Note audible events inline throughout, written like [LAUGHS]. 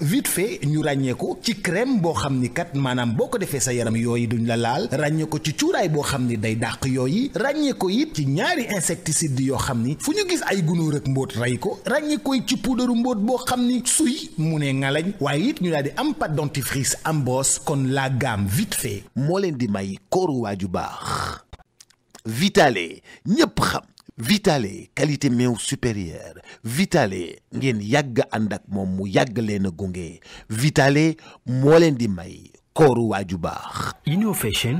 vite fait ñu ràññee ko ci crème boo xam ni kat maanaam boo ko defee sa yaram yooyu duñu la laal ràññee ko ci cuuraay boo xam ni day dàq yooyu ràññee ko it ci ñaari insecticide yoo xam ni fu ñu gis ay gunóor ak mbóot rey ko ràññee koy ci puudaru mbóot boo xam ni suy mu ne ngalañ waaye it ñu daal di am pâte dentifrice Ambos kon laa gamme vite fait moo leen di may kooru ju baax vitale ñépp xam Vitale qualité meew supérieure Vitale ngén yag andak mom mu yàgg leen a Vitale moo leen di may kooru waaju baax. Innovation.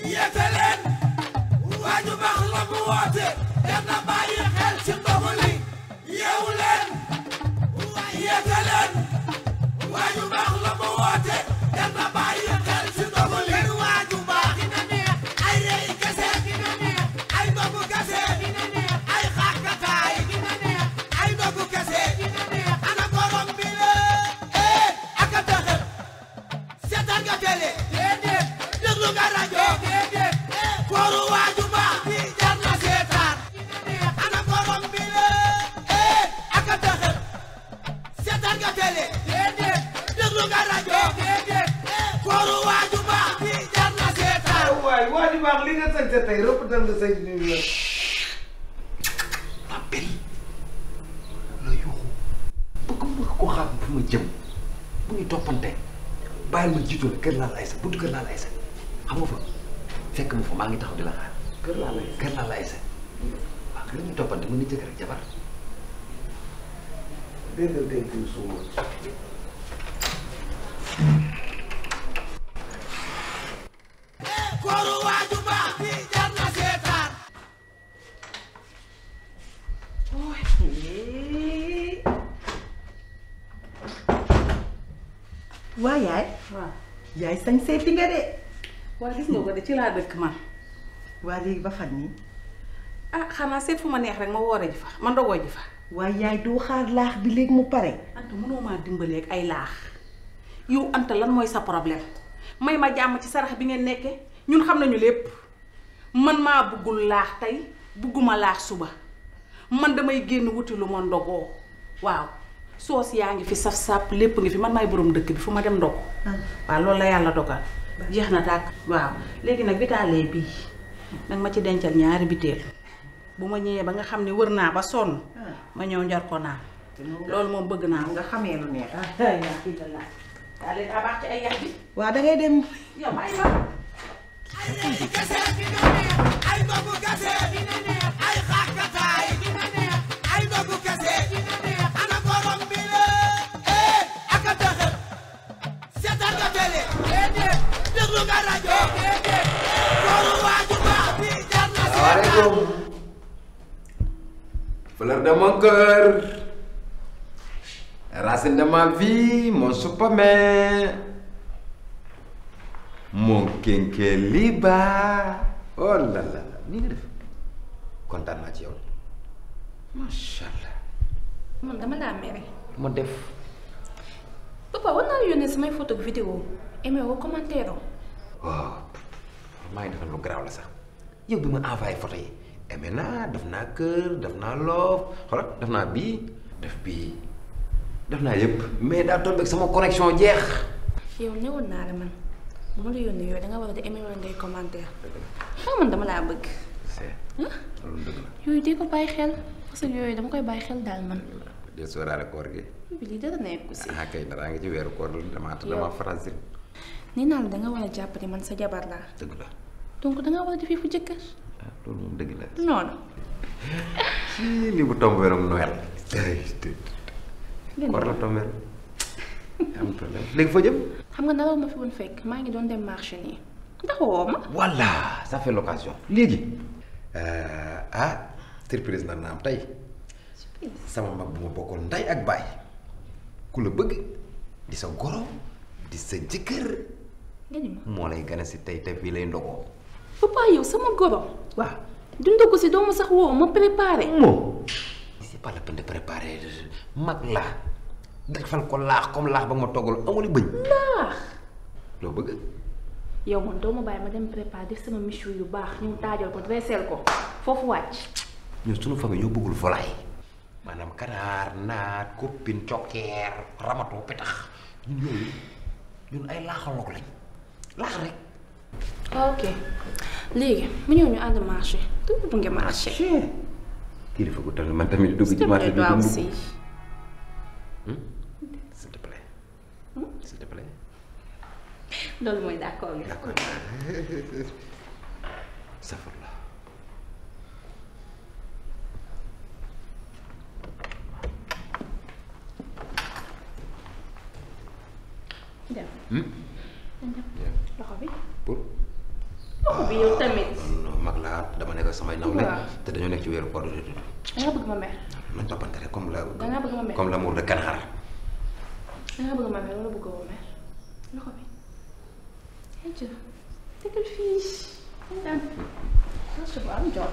yeete leen bar baax la mu woote na fi ma jëm bu ñuy toppante bàyyil ma jiitu la kër laal ay sa buntu kër laal ay sa xam nga fa fekk ma fa maa ngi taxaw di la xaar. kër laal ay sa kër laal ay sa waaw kër la ñuy toppante mën na jëkkër jabar. waaw yaay sañ seeti nga de. waa gis nga ko de ci laa dëkk man. waa léegi ba fan nii. ah xanaa seet fu ma neex rek ma woore ji fa ma ndogoo ji fa. waaye yaay doo xaar laax bi léeg mu pare. ant mënoo maa dimbaleeg ay laax yow ant lan mooy sa problème may ma jàmm ci sarax bi ngeen nekkee ñun xam nañu lépp man maa bëggul laax tey bëgguma laax suba man damay génn wuti lu ma ndogoo waaw. sos yaa ngi fi saf sap lepp ngi fi man may borom dekk bi fuma dem ndok wa loolu la yalla dogal jeex tak tàkk waaw léegi nag vitale bi nak ma ci dencal ñaari bitel buma ma ba nga xamni wërna ba son ma ñëw ndar ko na loolu mom bëgg na nga xamé lu neex daa leen abaax ay dem yow ay ba ay kase ay boobu kase salaamaaleykum fleur de mon cœur racine de ma vie mon supame mon kénkéliba oh la la la ni nga def kontaan naa ci yow macha allah. man dama laa mere. ma def. papa war naa yónnee samay photo vidéo aimé woo commentaire waaw maa ngi defal lu garaaw la sax yow bi ma envoyé photo yi aimé naa def naa kër def naa loof xoolal def naa bii def bii def naa yëpp mais daa tombé sama connexion jeex. yow newoon naa la man bu ma la yónnee yooyu da nga war a di aimé wala ngay commentaire xam man dama laa bëgg. loolu yooyu di ko bàyyi xel parce que yooyu dama koy bàyyi xel daal man. de sóoraale koor gi. bi li dara nekku si. ah kay daraa nga ci weeru koor la damaa faral nee naa la da war a jàpp ne man sa jabar laa. dëgg la. donc da war a non si li bu tombé rek Noël. war na tombé am problème léegi foo jëm. xam nga naraw ma fi woon fekk maa ngi doon dem marché nii ma. voilà ah surprise nar naa sama mag bu ma bokkoon ndey ak di sa goro di sa mulai gana si tay tay fii lay papa yow sama goro wa dundo ko si mo sax wo mo préparer mo c'est pas la peine de préparer mag la fal ko laax comme laax ba ma toggal amul beñ laax lo beug yow mo do mo baye ma dem préparer def sama michu yu bax ñu taajal ko dressel ko foofu wàcc ñun suñu famille ñoo bëggul volaille maanaam kanaar naat koppin cokkeer ramato petax ñun yooyu ñun ay lañ Ah, ok. wax rek. ok léegi mu ñëw ñu ànd marché dugg bu ngeen marché. kii dafa guddal man tamit dugg ci marché bi Sì, s'il te plaît s'il te plaît. loolu mooy D'accordo. nga. d'accord safar la. dem. dem. loxo bi pour. loxo bi yow tamit. mag laa dama nekk samay nawle. te dañoo nekk ci weeru koor di dund. da nga bëgg ma mer. nañ toppante rek comme la. da de Kanaxar. da bëgg ma mer wala bëggoo ma loxo bi. yaa ngi tegal fii daan naa suba am jot.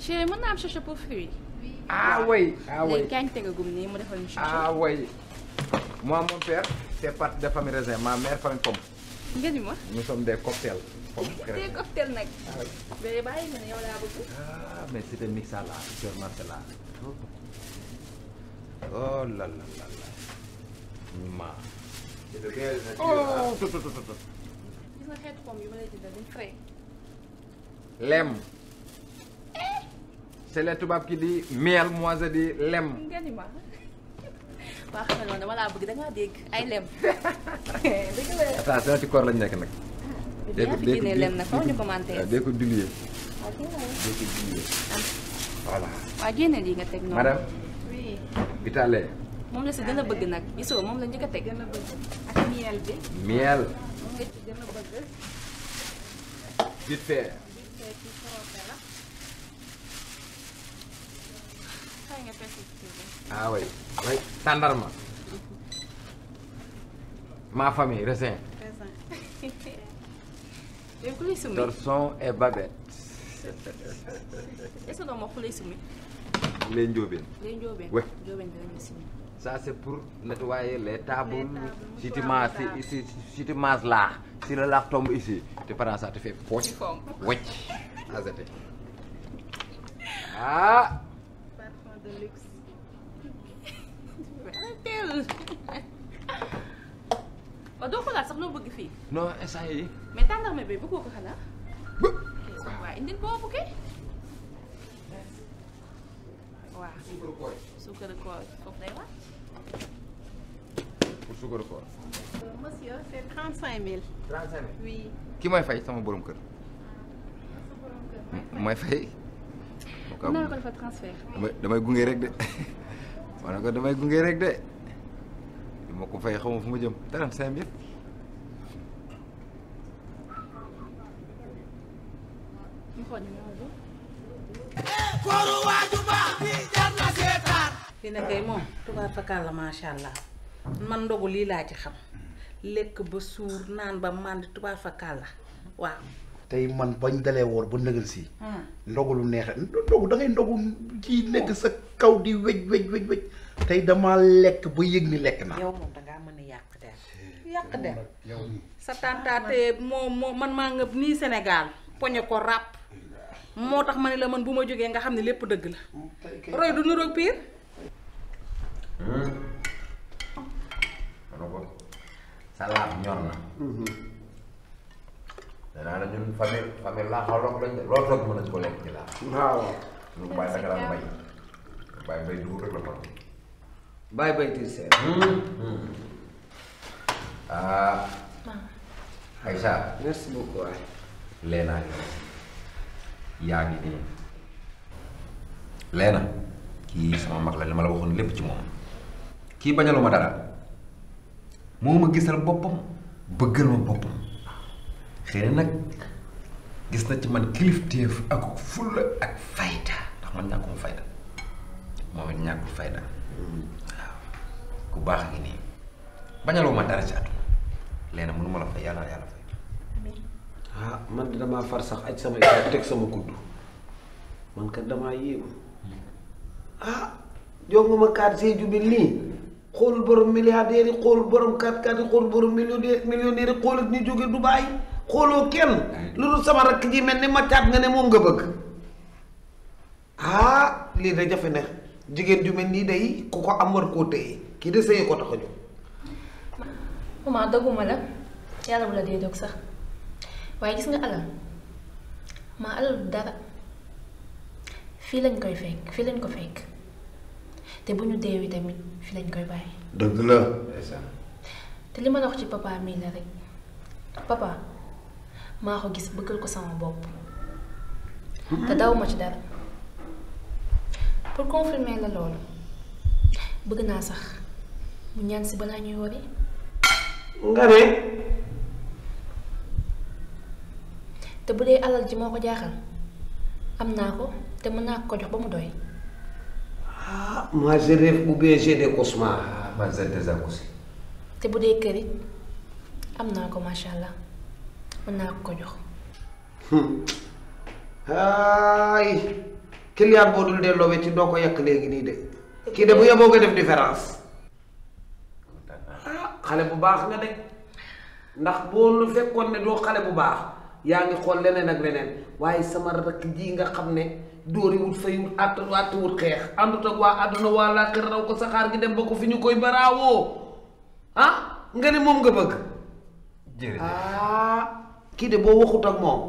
Chérie, mon âme cherche pour fuir. Ah oui, ah oui. Ah oui. Moi, mon père, c'est parti de la famille raisin. Ma mère, famille pomme. Dis-moi. Nous sommes des cocktails. Des cocktails, mec. Ah oui. Mais bah, il y en a beaucoup. Ah, mais c'est un mix à la, sûrement c'est là. Oh, oh, oh là là là là. Ma. Oh, ah, tout, tout, tout, tout. Lem. c'est les tubaab ki di miel moi je lem. waa xam dama laa bëgg da ngaa dégg ay lem. dëgg la ci koor lañ nekk nag. dégg ñu commenté. waaw dégg ko dilué. waaw dégg ko dilué. Ah. génne lii nga teg noonu. madame. oui. moom la si gën bëgg nag gisoo moom la njëkk a teg. a bëgg ak miel bi. miel. moom la Ah oui. Oui, standardma. Ma famille, raisin. Raisin. Torson e babette. Est-ce que nous avons sumi? Les Ndjobin. Les Ndjobin. Oui. Ndjobin Ça, c'est pour nettoyer les tables. Les tables. Si, tu masses, lá. Se tu masses là, si le lard tombe ici, tes parents, ça te ah, fait poche. Oui. Ah, Ah! de luxe. teel. waaw doo ko laal sax noo bëgg fii. non instant yi mais tàndarma bi bëggoo ko xanaa. waaw indil boobu kay. waaw suukar koor. suukar koor foofu day wàcc. pour suukar koor. monsieur c'est trente cinq mille. trente cinq mille oui. ki mooy fay sama borom kër. Ah, mooy fay. kaw naa ko defal transfert damay damay gunge rek de ma ne ko damay gunge rek de li ma ko fay xaw fu ma jëm trente cinq mille kooru waaju baax bi allah man ndogu lii laa ci xam lekk ba suur naan tay man bañ dalé wor bu nëgal si. Ah. ndogu lu neex ndogu da ngay ndogu ci nek sa kaw di wej wej wej wej tay dama lek bu yegni lek na yow mom da nga meuna yak dem yak dem der sa tàntaate moo mo, man ma nga ni senegal poñe ko rap motax tax la man buma joggé nga xamni lepp deug la. Mm, roy du nuro pire. Hmm? salam ñor na. Mm-hmm. Nana na ñun famille famille laa xaw rok lañ roog roog mën ko ci waaw lu bàyyi naka daan bay bàyyi bay dugub rek la ko bàyyi bay ah Aïcha merci beaucoup Lena yaa ngi Lena sama mag la li la waxoon lépp ci moom kii bañaluma dara moo ma gisal boppam ma xeyna nak gis na ci man kilif def ak ful ak fayda ndax man ñàkkuma fayda mo it ñak fayda waaw ku baax ngi nii bañaloo ma dara ci àdduna leena mënuma la fay yalla yalla ya, fay ya. ha man damaa far sax aj sama yaa tek sama kuddu man kat dama yew ha jox ma kaat seeju bi lii xoolul borom milliardaire xol borom kaat kaat xol borom millionnaire millionnaire xol xoolul ñu jóge Dubaay xooloo kenn lu dul sama rakk ji mel ni ma caat nga ne moom nga bëgg ah lii da jafe na jigéen ju mel nii day ku ko am war koo téye kii de sëye ko tax a jóg maman doguma la yàlla bu la dee dog sax waaye gis nga alal maa alal bu dara fii lañ koy fekk fii lañ ko fekk te bu ñu deewee tamit fii lañ koy bàyyi dëgg la te li ma la wax ci papa mii la rek papa maa ko gis bëggal ko sama bopp hmm? te daw ma ci dara pour confirmer la loolu bëgg naa sax mu ñaan si balaa ñuy wari nga ne te bu dee alal ji moo ko jaaxal am naa ko te mën naa ko jox ba mu doy ah moi je rêve ou bien j'ai des cauchemars. Ah, te bu dee kër am naa ko macha allah. mën naa ko ko jox. ay client boo dul delloo ci doo ko yakk léegi nii de. kii de bu yeboo nga def différence. Ah, xale bu baax nga de ndax boo lu fekkoon ne doo xale bu baax yaa ngi xool leneen ak leneen waaye sama rakk ji nga xam ne dóoriwut faywut àtt àttuwut xeex àndut ak waa àdduna waa laaxira raw ko saxaar gi dem ba ko fi ñu koy baraawoo ah nga ne moom nga bëgg. kii de boo waxut ak moom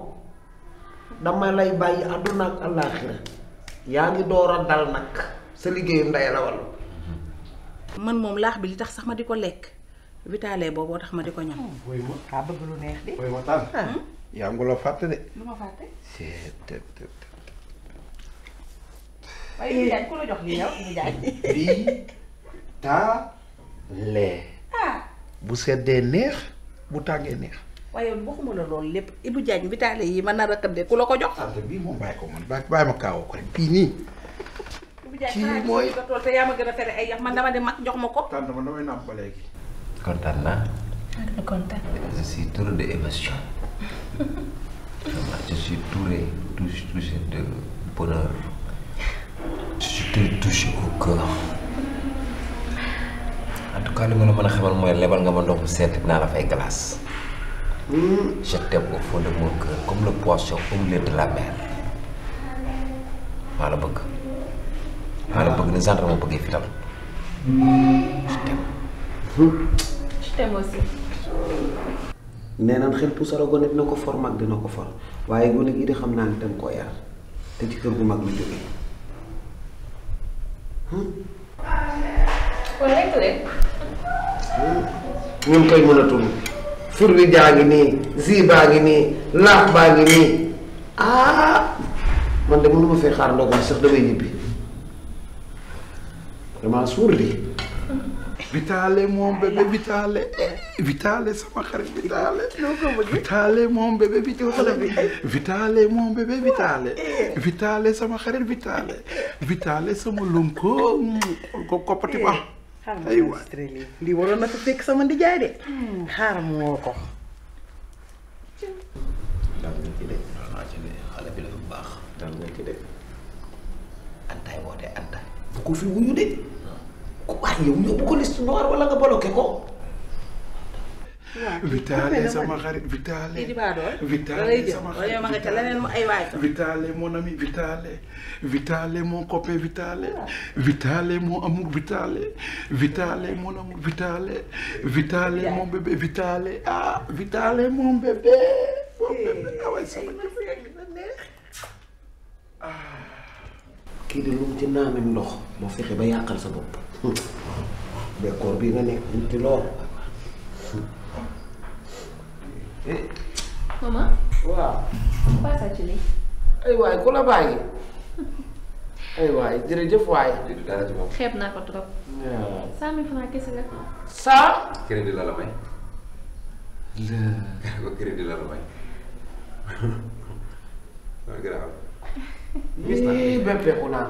dama lay bàyyi àdduna ak àllaaxira yaa ngi door a dal nag sa liggéeyu ndey la walla man moom laax bi li tax sax di ko lekk vitale booboo tax ma di ko ñam. Ah. Ah. bu seddee neex bu tàngee neex. waaye waxuma la loolu lépp Ibou Diagne vitale yi man na rëkkande ku lako jox. sant bii moom bàyyi ko man bay ma kaawoo ko rek ni nii. moy mooy te yama gëna gën ay yax man dama dem mag jox mako ko. tant man damay nàmp ba léegi. kontaan na maa kontaan. je suis tour de émotion. je suis touré touché touché de bonheur. je suis très touché au cœur. en tout cas le ma la mën moy xamal lebal nga ma ndox sét na la fay glace. Je t'aime au fond de mon comme le poisson au milieu de la mer. maa la bëgg. maa la bëgg ne genre ma bëggee fi tam. Je t'aime. Je t'aime nee naan xel puusara gone dina ko for mag dina ko for waaye gone gi de xam naa ne danga koo yar te ci kër gu mag la jógee. wala lépp. koy mënatul. Furwidaagini Zibaagini Laax baagi nii ah man non mënu ma fee xaar ndox mi sax damay ñibbi damaa suur lii. Vitale moom bébé Vitale Vitale sama xarit Vitale. Vitale moom bébé Vitale. Vitale moom bébé Vitale. Vitale sama xarit Vitale. Vitale sama lonko ko koppati ba. xaaral ma enregistré lii lii waroon nag fi fekk sama ndijaay de. xaaral ma ko. daal ngeen ci de. naa ci de xale baax. daal ngeen ci de. antaay woote antaay. bu ko fi wuyu de. Ah. ku baax yow ñëw bu ko liste noire wala nga bloqué ko. Vitale sama xarit Vitale. Vitale sama xarit Vitale mon ami Vitale. Vitale mon copain Vitale. Vitale mon amour Vitale. Vitale mon amour Vitale. Vitale mon bébé Vitale. Ah Vitale mon bébé. Mon eh, bébé ah ouais sama. Ah. kii de lu mu ci naameeg ndox moo fexe ba yàqal sa bopp. mais hmm. koor bii nga nekk lu Eh. maman. waaw. pas sàcc li. ay waay ku la bàyyi. [LAUGHS] ay waay jërëjëf waay. ko trop. waaw. cent mille francs kese la. saa. crédit la may. la. crédit la la may. [LAUGHS] [LAUGHS] yii béppeeku naa.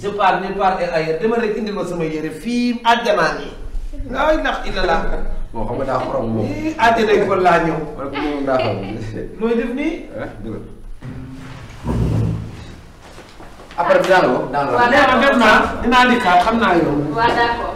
je parle nulle part ailleurs dama rek indi ma sama yére fii àjjanaa nii. laa ilaaha illallaah. bon xam nga daa xorom moom. àddina ko laa ñëw. wala ko moom daa xam. nooy def nii. Eh, après dinaa la woo. dinaa la woo dinaa dikkaat xam naa yow. waaw d'accord.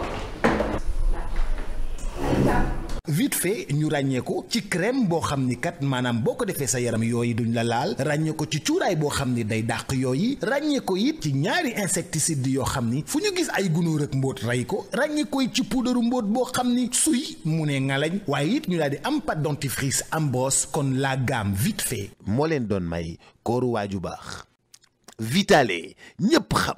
vite fait ñu ràññee ko ci crème boo xam ni kat maanaam boo ko defee sa yaram yooyu duñu la laal ràññee ko ci cuuraay boo xam ni day dàq yooyu ràññee ko it ci ñaari insecticide yoo xam ni fu ñu gis ay gunóor ak mbóot rey ko ràññee koy ci puudaru mbóot boo xam ni suy mu ne ngalañ waaye it ñu daal di am pat dentifrice am boos kon laa gamme vite fait. moo leen doon may kooru ju baax. vitale ñëpp xam.